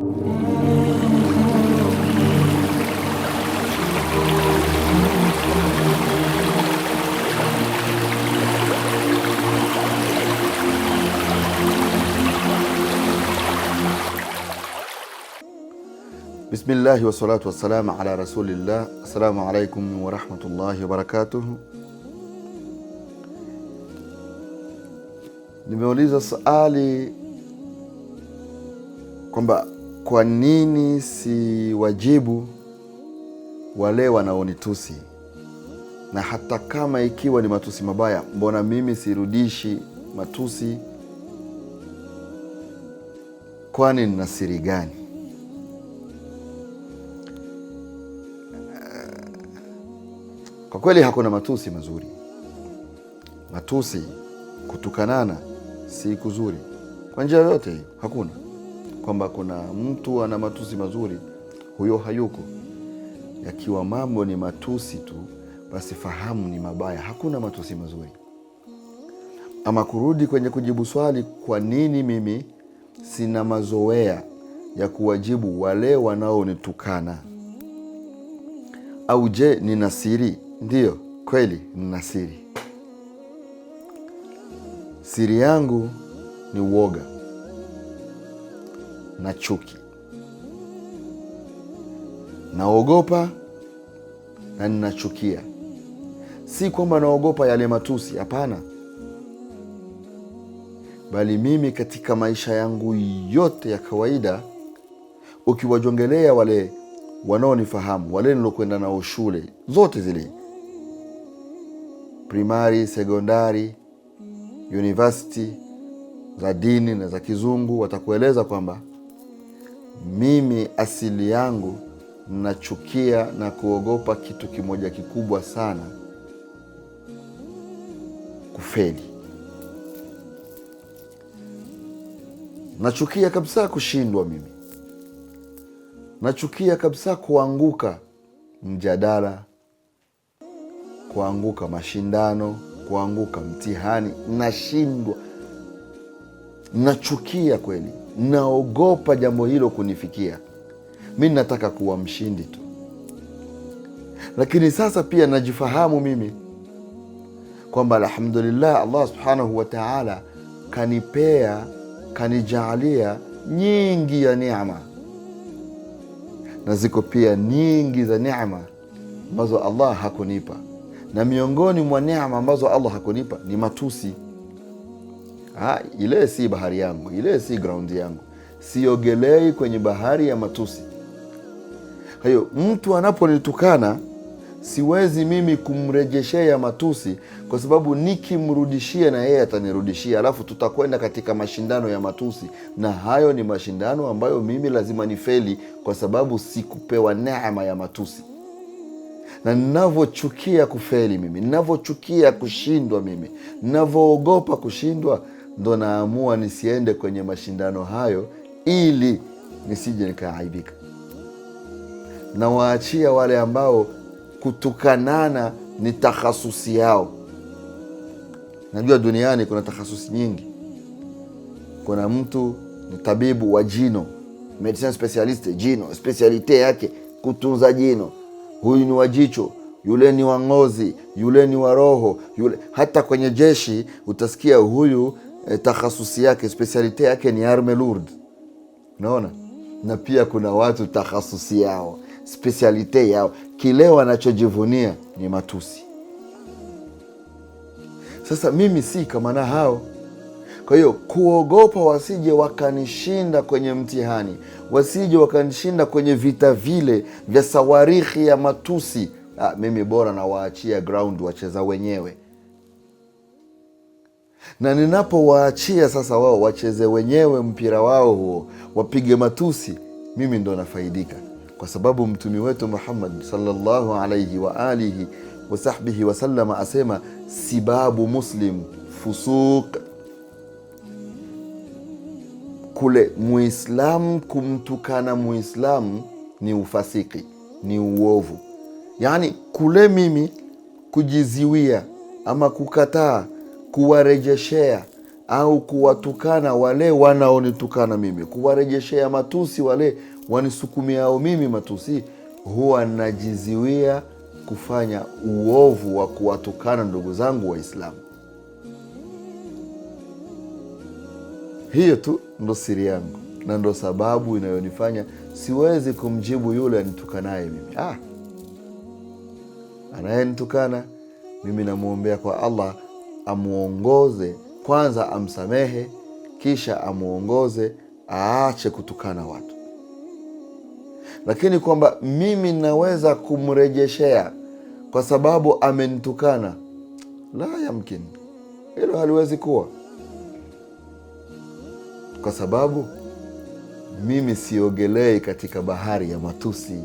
بسم الله والصلاة والسلام على رسول الله السلام عليكم ورحمة الله وبركاته Nimeuliza swali بقى Kwa nini siwajibu wale wanaonitusi? Na hata kama ikiwa ni matusi mabaya, mbona mimi sirudishi matusi? Kwani nina siri gani? Kwa kweli hakuna matusi mazuri. Matusi, kutukanana si kuzuri kwa njia yoyote hakuna kwamba kuna mtu ana matusi mazuri, huyo hayuko. Yakiwa mambo ni matusi tu, basi fahamu ni mabaya, hakuna matusi mazuri. Ama kurudi kwenye kujibu swali, kwa nini mimi sina mazoea ya kuwajibu wale wanaonitukana? Au je, nina siri? Ndiyo, kweli nina siri. Siri yangu ni uoga na chuki. Naogopa na ninachukia. Si kwamba naogopa yale matusi, hapana, bali mimi katika maisha yangu yote ya kawaida, ukiwajongelea wale wanaonifahamu, wale nilokwenda nao shule zote zile, primari, sekondari, university, za dini na za kizungu, watakueleza kwamba mimi asili yangu nachukia na kuogopa kitu kimoja kikubwa sana, kufeli. Nachukia kabisa kushindwa, mimi nachukia kabisa kuanguka mjadala, kuanguka mashindano, kuanguka mtihani. Nashindwa, nachukia kweli naogopa jambo hilo kunifikia. Mi nataka kuwa mshindi tu, lakini sasa pia najifahamu mimi kwamba alhamdulillah, Allah subhanahu wa taala kanipea kanijaalia nyingi ya neema, na ziko pia nyingi za neema ambazo Allah hakunipa, na miongoni mwa neema ambazo Allah hakunipa ni matusi. Ha, ile si bahari yangu, ile si ground yangu, siogelei kwenye bahari ya matusi. Kwa hiyo mtu anaponitukana siwezi mimi kumrejeshea matusi, kwa sababu nikimrudishia na yeye atanirudishia, alafu tutakwenda katika mashindano ya matusi, na hayo ni mashindano ambayo mimi lazima nifeli, kwa sababu sikupewa neema ya matusi. Na ninavyochukia kufeli mimi, ninavyochukia kushindwa mimi, ninavyoogopa kushindwa ndo naamua nisiende kwenye mashindano hayo ili nisije nikaaibika. Nawaachia wale ambao kutukanana ni takhasusi yao. Najua duniani kuna takhasusi nyingi. Kuna mtu ni tabibu wa jino, medecin specialist, jino, specialite yake kutunza jino. Huyu ni wa jicho, yule ni wa ngozi, yule ni wa roho, yule hata kwenye jeshi utasikia huyu e, takhasusi yake spesialite yake ni arme lourde, unaona. Na pia kuna watu takhasusi yao spesialite yao kile wanachojivunia ni matusi. Sasa mimi si kama na hao, kwa hiyo kuogopa wasije wakanishinda kwenye mtihani, wasije wakanishinda kwenye vita vile vya sawarikhi ya matusi. Ah, mimi bora nawaachia ground wacheza wenyewe na ninapowaachia sasa wao wacheze wenyewe mpira wao huo, wapige matusi, mimi ndo nafaidika, kwa sababu mtumi wetu Muhammad sallallahu alaihi wa alihi wa sahbihi wasallama asema sibabu muslim fusuq, kule muislamu kumtukana muislamu ni ufasiki, ni uovu. Yani kule mimi kujiziwia ama kukataa kuwarejeshea au kuwatukana wale wanaonitukana mimi, kuwarejeshea matusi wale wanisukumiao mimi matusi, huwa najiziwia kufanya uovu wa kuwatukana ndugu zangu Waislamu. Hiyo tu ndo siri yangu na ndo sababu inayonifanya siwezi kumjibu yule anitukanaye mimi. Ah, anayenitukana mimi namwombea kwa Allah amuongoze kwanza, amsamehe kisha amwongoze aache kutukana watu, lakini kwamba mimi naweza kumrejeshea kwa sababu amenitukana, la yamkini, hilo haliwezi kuwa, kwa sababu mimi siogelei katika bahari ya matusi.